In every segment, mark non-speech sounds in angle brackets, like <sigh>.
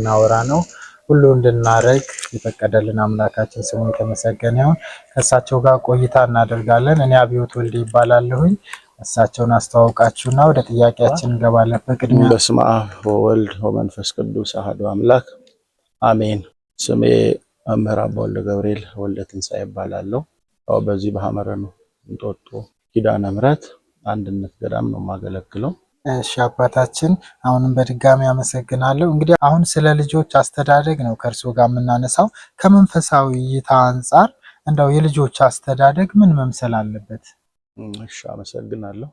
እናወራ ነው። ሁሉ እንድናረግ የፈቀደልን አምላካችን ስሙ የተመሰገነ ይሁን። ከእሳቸው ጋር ቆይታ እናደርጋለን። እኔ አብዮት ወልድ ይባላለሁኝ። እሳቸውን አስተዋውቃችሁና ወደ ጥያቄያችን እንገባለን። በቅድሚያ በስመ አብ ወወልድ ወመንፈስ ቅዱስ አህዶ አምላክ አሜን። ስሜ መምህር አባወልደ ገብርኤል ወልደ ትንሣኤ ይባላለሁ። በዚህ በሐመረ ነው እንጦጦ ኪዳነ ምሕረት አንድነት ገዳም ነው የማገለግለው። እሺ አባታችን አሁንም በድጋሚ አመሰግናለሁ። እንግዲህ አሁን ስለ ልጆች አስተዳደግ ነው ከእርስዎ ጋር የምናነሳው። ከመንፈሳዊ እይታ አንጻር እንደው የልጆች አስተዳደግ ምን መምሰል አለበት? እሺ አመሰግናለሁ።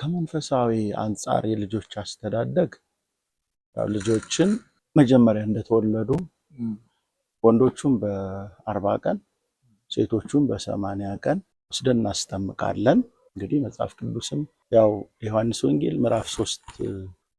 ከመንፈሳዊ አንጻር የልጆች አስተዳደግ ልጆችን መጀመሪያ እንደተወለዱ ወንዶቹም በአርባ ቀን ሴቶቹም በሰማንያ ቀን ወስደን እናስጠምቃለን። እንግዲህ መጽሐፍ ቅዱስም ያው ዮሐንስ ወንጌል ምዕራፍ ሶስት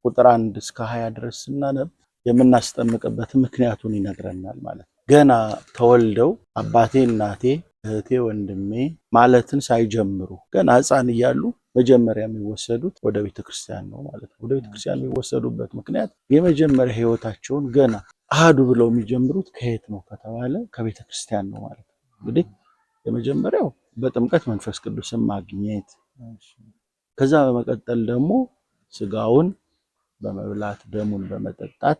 ቁጥር አንድ እስከ ሀያ ድረስ ስናነብ የምናስጠምቅበት ምክንያቱን ይነግረናል ማለት ነው። ገና ተወልደው አባቴ እናቴ እህቴ ወንድሜ ማለትን ሳይጀምሩ ገና ሕፃን እያሉ መጀመሪያ የሚወሰዱት ወደ ቤተ ክርስቲያን ነው ማለት ነው። ወደ ቤተ ክርስቲያን የሚወሰዱበት ምክንያት የመጀመሪያ ሕይወታቸውን ገና አህዱ ብለው የሚጀምሩት ከየት ነው ከተባለ ከቤተ ክርስቲያን ነው ማለት ነው። እንግዲህ የመጀመሪያው በጥምቀት መንፈስ ቅዱስን ማግኘት ከዛ በመቀጠል ደግሞ ስጋውን በመብላት ደሙን በመጠጣት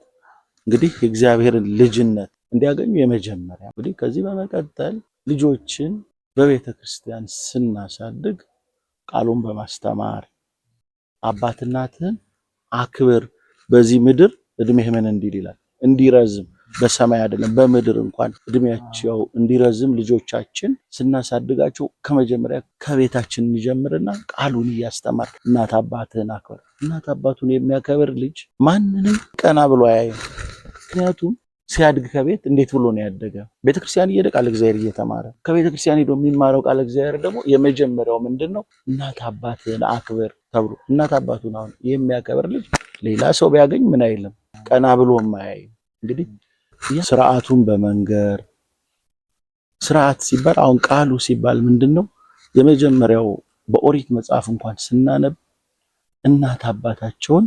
እንግዲህ የእግዚአብሔርን ልጅነት እንዲያገኙ የመጀመሪያ እንግዲህ ከዚህ በመቀጠል ልጆችን በቤተ ክርስቲያን ስናሳድግ ቃሉን በማስተማር አባት አክብር፣ በዚህ ምድር እድሜህ ምን እንዲል ይላል እንዲረዝም በሰማይ አይደለም በምድር እንኳን እድሜያቸው እንዲረዝም ልጆቻችን ስናሳድጋቸው ከመጀመሪያ ከቤታችን እንጀምርና ቃሉን እያስተማር እናት አባትህን አክብር። እናት አባቱን የሚያከብር ልጅ ማንንም ቀና ብሎ አያይም። ምክንያቱም ሲያድግ ከቤት እንዴት ብሎ ነው ያደገ? ቤተክርስቲያን እየሄደ ቃለ እግዚአብሔር እየተማረ ከቤተክርስቲያን ሄዶ የሚማረው ቃለ እግዚአብሔር ደግሞ የመጀመሪያው ምንድን ነው? እናት አባትህን አክብር ተብሎ እናት አባቱን አሁን የሚያከብር ልጅ ሌላ ሰው ቢያገኝ ምን አይልም፣ ቀና ብሎ ማያይም። እንግዲህ ስርዓቱን በመንገር ስርዓት ሲባል አሁን ቃሉ ሲባል ምንድን ነው? የመጀመሪያው በኦሪት መጽሐፍ እንኳን ስናነብ እናት አባታቸውን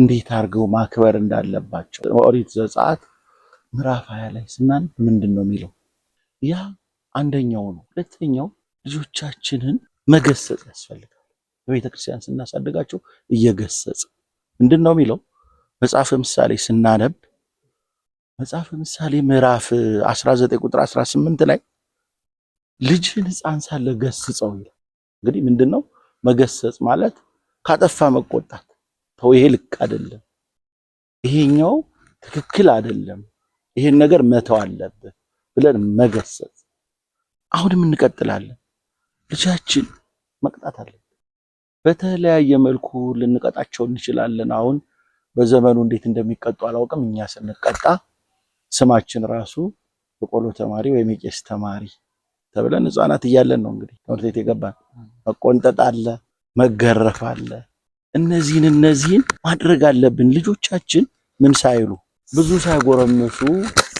እንዴት አድርገው ማክበር እንዳለባቸው ኦሪት ዘጸአት ምዕራፍ ሀያ ላይ ስናነብ ምንድን ነው የሚለው? ያ አንደኛው ነው። ሁለተኛው ልጆቻችንን መገሰጽ ያስፈልጋል። በቤተ ክርስቲያን ስናሳድጋቸው እየገሰጽ ምንድን ነው የሚለው መጽሐፍ ምሳሌ ስናነብ መጽሐፍ ምሳሌ ምዕራፍ 19 ቁጥር 18 ላይ ልጅን ህፃን ሳለ ገስጸው ይላል። እንግዲህ ምንድነው መገሰጽ ማለት? ካጠፋ መቆጣት፣ ተው ይሄ ልክ አይደለም፣ ይሄኛው ትክክል አይደለም፣ ይሄን ነገር መተው አለብህ ብለን መገሰጽ። አሁንም እንቀጥላለን። ልጃችን መቅጣት አለብን። በተለያየ መልኩ ልንቀጣቸው እንችላለን። አሁን በዘመኑ እንዴት እንደሚቀጡ አላውቅም። እኛ ስንቀጣ ስማችን ራሱ የቆሎ ተማሪ ወይም የቄስ ተማሪ ተብለን ህፃናት እያለን ነው እንግዲህ ትምህርት ቤት የገባን። መቆንጠጥ አለ፣ መገረፍ አለ። እነዚህን እነዚህን ማድረግ አለብን። ልጆቻችን ምን ሳይሉ ብዙ ሳይጎረምሱ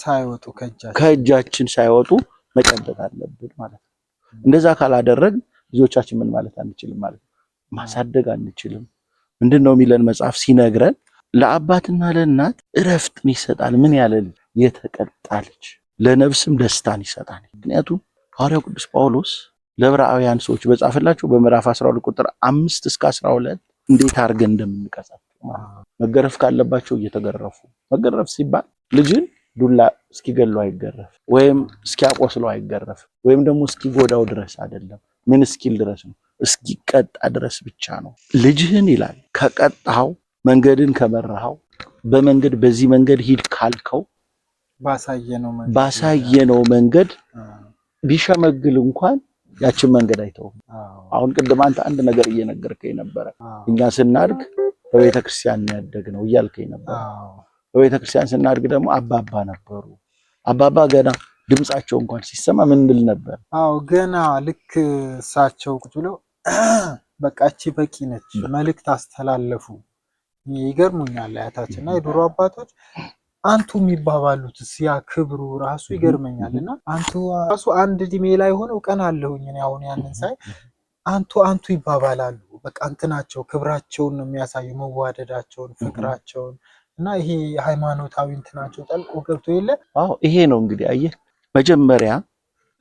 ሳይወጡ ከእጃችን ሳይወጡ መጨበጥ አለብን ማለት ነው። እንደዛ ካላደረግ ልጆቻችን ምን ማለት አንችልም ማለት ነው። ማሳደግ አንችልም። ምንድን ነው የሚለን መጽሐፍ ሲነግረን ለአባትና ለእናት እረፍትን ይሰጣል። ምን ያለ ልጅ የተቀጣ ልጅ ለነፍስም ደስታን ይሰጣል። ምክንያቱም ሐዋርያው ቅዱስ ጳውሎስ ለዕብራውያን ሰዎች በጻፈላቸው በምዕራፍ 12 ቁጥር 5 እስከ 12 እንዴት አድርገን እንደምንቀጻቸው መገረፍ ካለባቸው እየተገረፉ መገረፍ ሲባል ልጅን ዱላ እስኪገለው አይገረፍ ወይም እስኪያቆስሎ አይገረፍ ወይም ደግሞ እስኪጎዳው ድረስ አይደለም። ምን እስኪል ድረስ ነው? እስኪቀጣ ድረስ ብቻ ነው። ልጅህን ይላል ከቀጣው መንገድን ከመራኸው፣ በመንገድ በዚህ መንገድ ሂድ ካልከው ባሳየነው መንገድ ቢሸመግል እንኳን ያችን መንገድ አይተውም። አሁን ቅድም አንተ አንድ ነገር እየነገርከኝ ነበረ። እኛ ስናድግ በቤተ ክርስቲያን ነው እያልከኝ ነበረ። በቤተ ክርስቲያን ስናድግ ደግሞ አባባ ነበሩ። አባባ ገና ድምጻቸው እንኳን ሲሰማ ምን እንል ነበር? አዎ ገና ልክ እሳቸው ቁጭ ብለው <clears throat> በቃቺ በቂ ነች መልእክት አስተላለፉ። ይገርሙኛል እና የድሮ አባቶች አንቱ የሚባባሉት ያ ክብሩ ራሱ ይገርመኛል። እና አንቱ ራሱ አንድ እድሜ ላይ ሆነ ቀን አለሁኝ አሁን ያንን ሳይ አንቱ አንቱ ይባባላሉ። በቃ እንትናቸው ክብራቸውን ነው የሚያሳዩ መዋደዳቸውን፣ ፍቅራቸውን እና ይሄ ሃይማኖታዊ እንትናቸው ጠልቆ ገብቶ የለ። አዎ ይሄ ነው እንግዲህ አየህ፣ መጀመሪያ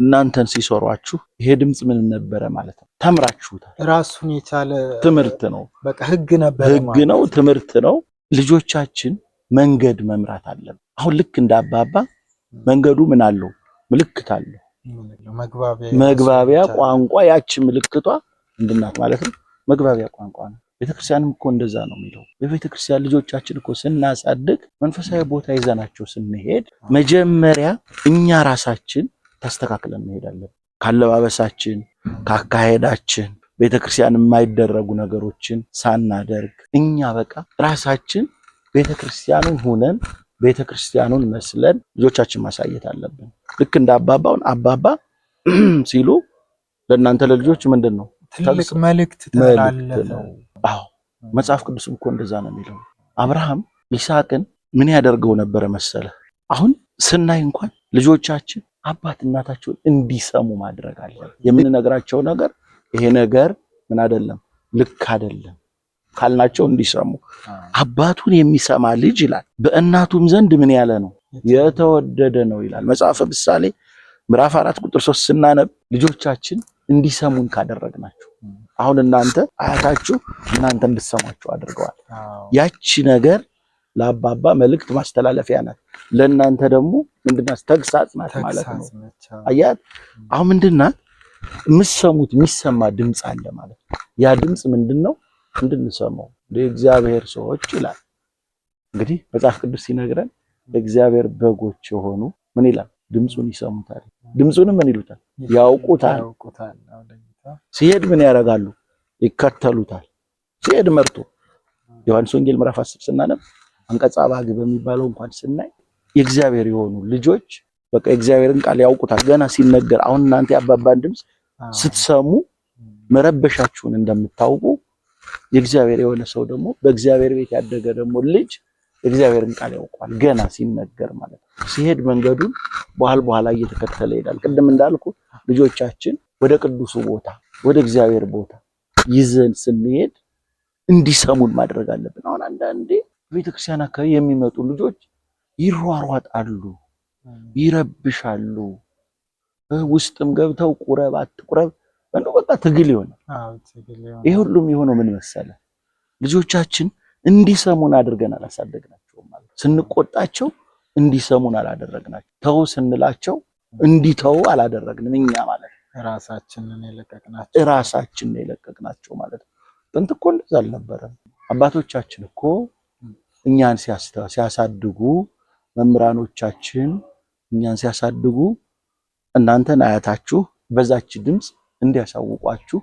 እናንተን ሲሰሯችሁ ይሄ ድምፅ ምን ነበረ ማለት ነው፣ ተምራችሁታል። ራሱን የቻለ ትምህርት ነው። በቃ ህግ ነበር፣ ህግ ነው፣ ትምህርት ነው። ልጆቻችን መንገድ መምራት አለብ። አሁን ልክ እንደ አባባ መንገዱ ምን አለው? ምልክት አለው። መግባቢያ ቋንቋ ያቺ ምልክቷ ምንድናት ማለት ነው? መግባቢያ ቋንቋ ነው። ቤተክርስቲያንም እኮ እንደዛ ነው የሚለው። የቤተክርስቲያን ልጆቻችን እኮ ስናሳድግ መንፈሳዊ ቦታ ይዘናቸው ስንሄድ መጀመሪያ እኛ ራሳችን ተስተካክለን እንሄዳለን። ካለባበሳችን፣ ካካሄዳችን ቤተክርስቲያን የማይደረጉ ነገሮችን ሳናደርግ እኛ በቃ ራሳችን ቤተክርስቲያኑን ሁነን ቤተክርስቲያኑን መስለን ልጆቻችን ማሳየት አለብን። ልክ እንደ አባባውን አባባ <clears throat> ሲሉ ለእናንተ ለልጆች ምንድን ነው ትልቅ መልእክት ነው። አዎ መጽሐፍ ቅዱስም እኮ እንደዛ ነው የሚለው። አብርሃም ይስሐቅን ምን ያደርገው ነበረ መሰለ? አሁን ስናይ እንኳን ልጆቻችን አባት እናታቸውን እንዲሰሙ ማድረግ አለ። የምንነግራቸው ነገር ይሄ ነገር ምን አይደለም፣ ልክ አይደለም ካልናቸው እንዲሰሙ አባቱን የሚሰማ ልጅ ይላል በእናቱም ዘንድ ምን ያለ ነው የተወደደ ነው ይላል መጽሐፈ ምሳሌ ምዕራፍ አራት ቁጥር ሶስት ስናነብ ልጆቻችን እንዲሰሙን ካደረግናቸው አሁን እናንተ አያታችሁ እናንተ እንድትሰሟቸው አድርገዋል። ያቺ ነገር ለአባባ መልእክት ማስተላለፊያ ናት፣ ለእናንተ ደግሞ ምንድናት? ተግሳጽ ናት ማለት ነው። አያት አሁን ምንድናት? የምትሰሙት የሚሰማ ድምፅ አለ ማለት ነው። ያ ድምፅ ምንድን ነው? እንድንሰማው ለእግዚአብሔር ሰዎች ይላል። እንግዲህ መጽሐፍ ቅዱስ ሲነግረን እግዚአብሔር በጎች የሆኑ ምን ይላል? ድምፁን ይሰሙታል። ድምፁን ምን ይሉታል? ያውቁታል። ሲሄድ ምን ያደርጋሉ? ይከተሉታል። ሲሄድ መርቶ ዮሐንስ ወንጌል ምዕራፍ 10 ስናነብ አንቀጸ አባግ በሚባለው እንኳን ስናይ የእግዚአብሔር የሆኑ ልጆች በቃ የእግዚአብሔርን ቃል ያውቁታል። ገና ሲነገር አሁን እናንተ የአባባን ድምፅ ስትሰሙ መረበሻችሁን እንደምታውቁ የእግዚአብሔር የሆነ ሰው ደግሞ በእግዚአብሔር ቤት ያደገ ደግሞ ልጅ እግዚአብሔርን ቃል ያውቋል። ገና ሲነገር ማለት ነው። ሲሄድ መንገዱን በኋል በኋላ እየተከተለ ይሄዳል። ቅድም እንዳልኩ ልጆቻችን ወደ ቅዱሱ ቦታ ወደ እግዚአብሔር ቦታ ይዘን ስንሄድ እንዲሰሙን ማድረግ አለብን። አሁን አንዳንዴ ቤተክርስቲያን አካባቢ የሚመጡ ልጆች ይሯሯጣሉ፣ ይረብሻሉ። ውስጥም ገብተው ቁረብ አትቁረብ እንደው በቃ ትግል ይሆናል። ይሄ ሁሉም የሆነው ምን መሰለ፣ ልጆቻችን እንዲሰሙን አድርገን አላሳደግናቸውም ማለት ስንቆጣቸው እንዲሰሙን አላደረግናቸው፣ ተው ስንላቸው እንዲተው አላደረግንም። እኛ ማለት ራሳችንን የለቀቅናቸው ራሳችንን የለቀቅናቸው ማለት ነው። ጥንት እኮ እንደዛ አልነበረም። አባቶቻችን እኮ እኛን ሲያሳድጉ፣ መምህራኖቻችን እኛን ሲያሳድጉ እናንተን አያታችሁ በዛች ድምፅ እንዲያሳውቋችሁ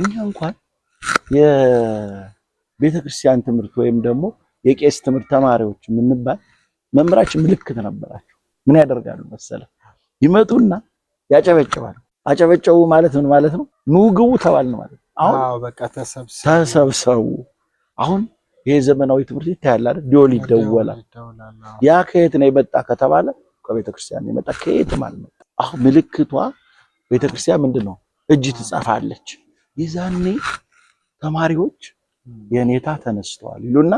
እኛ እንኳን የቤተክርስቲያን ትምህርት ወይም ደግሞ የቄስ ትምህርት ተማሪዎች የምንባል መምህራችን ምልክት ነበራቸው። ምን ያደርጋሉ መሰለ ይመጡና ያጨበጭባሉ። አጨበጨቡ ማለት ምን ማለት ነው? ኑ ግቡ ተባልን ማለት ነው። አሁን በቃ ተሰብሰቡ። አሁን ይሄ ዘመናዊ ትምህርት ይታያል አይደል? ዲዮል ይደወላል። ያ ከየት ነው የመጣ ከተባለ ከቤተክርስቲያን የመጣ ከየትም አልመጣም። አሁን ምልክቷ ቤተክርስቲያን ምንድን ነው? እጅ ትጻፋለች። የዛኔ ተማሪዎች የኔታ ተነስተዋል ይሉና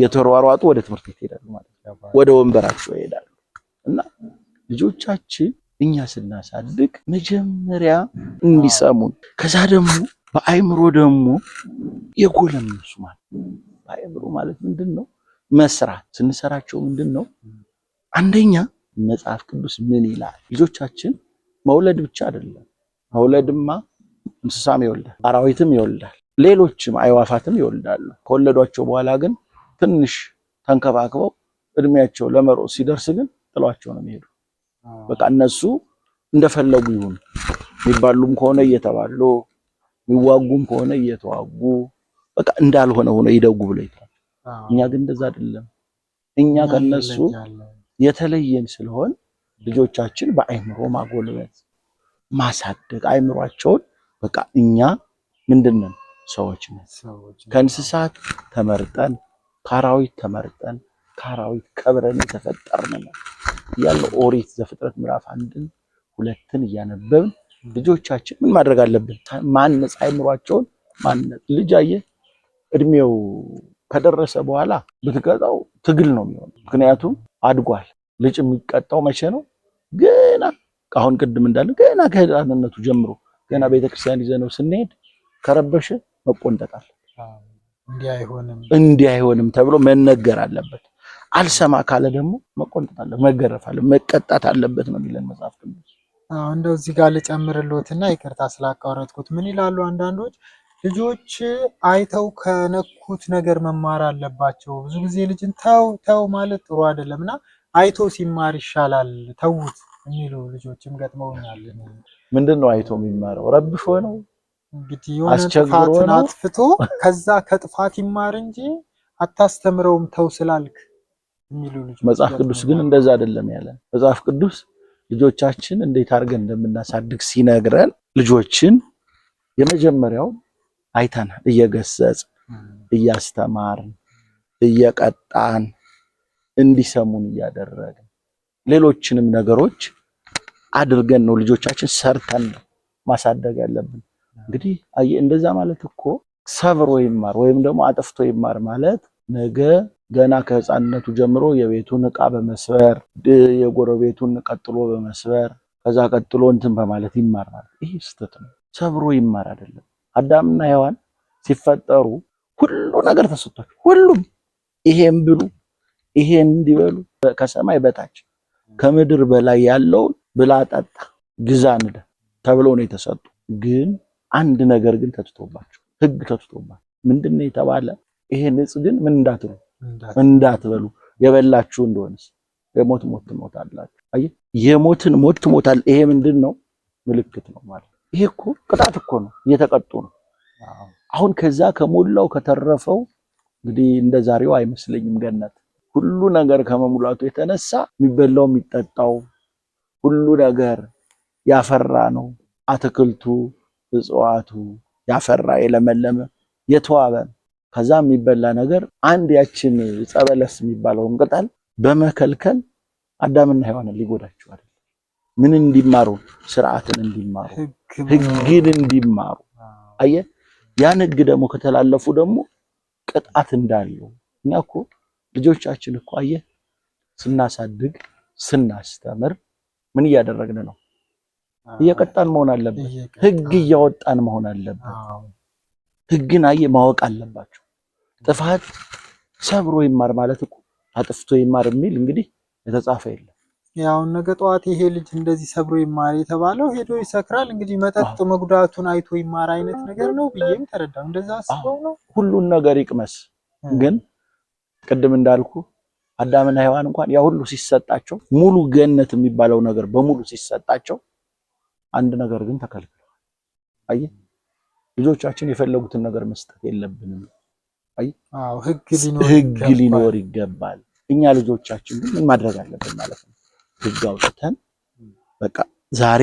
የተሯሯጡ ወደ ትምህርት ቤት ይሄዳሉ ማለት ነው። ወደ ወንበራቸው ይሄዳሉ እና ልጆቻችን እኛ ስናሳድግ መጀመሪያ እንዲሰሙን ከዛ ደግሞ በአእምሮ ደግሞ የጎለመሱ ማለት በአእምሮ ማለት ምንድን ነው? መስራት ስንሰራቸው ምንድን ነው? አንደኛ መጽሐፍ ቅዱስ ምን ይላል? ልጆቻችን መውለድ ብቻ አይደለም መውለድማ እንስሳም ይወልዳል፣ አራዊትም ይወልዳል፣ ሌሎችም አይዋፋትም ይወልዳሉ። ከወለዷቸው በኋላ ግን ትንሽ ተንከባክበው እድሜያቸው ለመሮጥ ሲደርስ ግን ጥሏቸው ነው የሚሄዱ። በቃ እነሱ እንደፈለጉ ይሁን። የሚባሉም ከሆነ እየተባሉ የሚዋጉም ከሆነ እየተዋጉ በቃ እንዳልሆነ ሆነ ይደጉ ብሎ ይታል። እኛ ግን እንደዛ አይደለም። እኛ ከነሱ የተለየን ስለሆን ልጆቻችን በአይምሮ ማጎልበት ማሳደግ አይምሯቸውን። በቃ እኛ ምንድን ነን? ሰዎች ነን። ከእንስሳት ተመርጠን ከአራዊት ተመርጠን ከአራዊት ከብረን የተፈጠርን ነን ያለ ኦሪት ዘፍጥረት ምዕራፍ አንድን ሁለትን እያነበብን ልጆቻችን ምን ማድረግ አለብን? ማነጽ አይምሯቸውን ማነጽ። ልጅ አየ እድሜው ከደረሰ በኋላ ብትቀጣው ትግል ነው የሚሆነው። ምክንያቱም አድጓል። ልጅ የሚቀጣው መቼ ነው? ገና አሁን ቅድም እንዳለ ገና ከህፃንነቱ ጀምሮ ገና ቤተክርስቲያን ይዘ ነው ስንሄድ ከረበሸ መቆንጠጣል። አለ። እንዲህ አይሆንም ተብሎ መነገር አለበት። አልሰማ ካለ ደግሞ መቆንጠጥ አለ፣ መቀጣት አለበት ነው የሚለን መጽሐፍ ቅዱስ። እንደው እዚህ ጋር ልጨምርልዎትና ይቅርታ ስላቋረጥኩት። ምን ይላሉ አንዳንዶች ልጆች አይተው ከነኩት ነገር መማር አለባቸው። ብዙ ጊዜ ልጅን ተው ተው ማለት ጥሩ አይደለም እና አይቶ ሲማር ይሻላል ተዉት የሚሉ ልጆችም ገጥመውኛል። ምንድን ነው አይቶ የሚማረው? ረብሾ ነው እንግዲህ ጥፋትን አጥፍቶ ከዛ ከጥፋት ይማር እንጂ አታስተምረውም ተው ስላልክ የሚሉ ልጆች። መጽሐፍ ቅዱስ ግን እንደዛ አይደለም ያለ። መጽሐፍ ቅዱስ ልጆቻችን እንዴት አድርገን እንደምናሳድግ ሲነግረን ልጆችን የመጀመሪያው አይተናል፣ እየገሰጽ እያስተማርን እየቀጣን እንዲሰሙን እያደረግን ሌሎችንም ነገሮች አድርገን ነው ልጆቻችን ሰርተን ማሳደግ ያለብን። እንግዲህ እንደዛ ማለት እኮ ሰብሮ ይማር ወይም ደግሞ አጥፍቶ ይማር ማለት ነገ ገና ከህፃንነቱ ጀምሮ የቤቱን እቃ በመስበር የጎረቤቱን ቀጥሎ በመስበር ከዛ ቀጥሎ እንትን በማለት ይማራል። ይህ ስህተት ነው። ሰብሮ ይማር አይደለም። አዳምና ሔዋን ሲፈጠሩ ሁሉ ነገር ተሰጥቷቸው ሁሉም ይሄን ብሉ፣ ይሄን እንዲበሉ ከሰማይ በታች ከምድር በላይ ያለውን ብላ ጠጣ፣ ግዛን ተብሎ ነው የተሰጡ። ግን አንድ ነገር ግን ተትቶባቸው ህግ ተትቶባቸው ምንድን ነው የተባለ? ይሄ ንጽ ግን ምን እንዳትሉ እንዳትበሉ፣ የበላችሁ እንደሆነስ የሞት ሞት ትሞታላችሁ። አየህ፣ የሞትን ሞት ትሞታል። ይሄ ምንድን ነው? ምልክት ነው ማለት ይሄ እኮ ቅጣት እኮ ነው፣ እየተቀጡ ነው። አሁን ከዛ ከሞላው ከተረፈው እንግዲህ እንደ ዛሬው አይመስለኝም ገነት ሁሉ ነገር ከመሙላቱ የተነሳ የሚበላው የሚጠጣው ሁሉ ነገር ያፈራ ነው። አትክልቱ፣ እጽዋቱ ያፈራ የለመለመ የተዋበ ከዛ የሚበላ ነገር አንድ ያችን ጸበለስ የሚባለውን ቅጠል በመከልከል አዳምና ሔዋንን ሊጎዳቸው አይደለም። ምን እንዲማሩ ስርዓትን እንዲማሩ ህግን እንዲማሩ አየ ያን ህግ ደግሞ ከተላለፉ ደግሞ ቅጣት እንዳለው እኛ እኮ ልጆቻችን እኮ አየህ ስናሳድግ ስናስተምር ምን እያደረግን ነው? እየቀጣን መሆን አለብን። ህግ እያወጣን መሆን አለብን። ህግን አየህ ማወቅ አለባቸው። ጥፋት ሰብሮ ይማር ማለት እኮ አጥፍቶ ይማር የሚል እንግዲህ የተጻፈ የለም። ያው ነገ ጠዋት ይሄ ልጅ እንደዚህ ሰብሮ ይማር የተባለው ሄዶ ይሰክራል እንግዲህ መጠጥ መጉዳቱን አይቶ ይማር አይነት ነገር ነው ብዬም ተረዳው። እንደዛ አስበው ነው ሁሉን ነገር ይቅመስ ግን ቅድም እንዳልኩ አዳምና ሔዋን እንኳን ያ ሁሉ ሲሰጣቸው ሙሉ ገነት የሚባለው ነገር በሙሉ ሲሰጣቸው አንድ ነገር ግን ተከልክለዋል። አይ ልጆቻችን የፈለጉትን ነገር መስጠት የለብንም። አይ አዎ ህግ ሊኖር ይገባል። እኛ ልጆቻችን ግን ምን ማድረግ አለብን ማለት ነው? ሕግ አውጥተን በቃ ዛሬ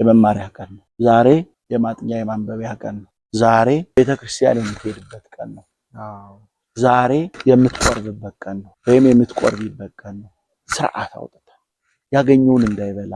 የመማሪያ ቀን ነው፣ ዛሬ የማጥኛ የማንበቢያ ቀን ነው፣ ዛሬ ቤተክርስቲያን የምትሄድበት ቀን ነው። ዛሬ የምትቆርብበት ቀን ነው፣ ወይም የምትቆርቢበት ቀን ነው። ስርዓት አውጥተን ያገኘውን እንዳይበላ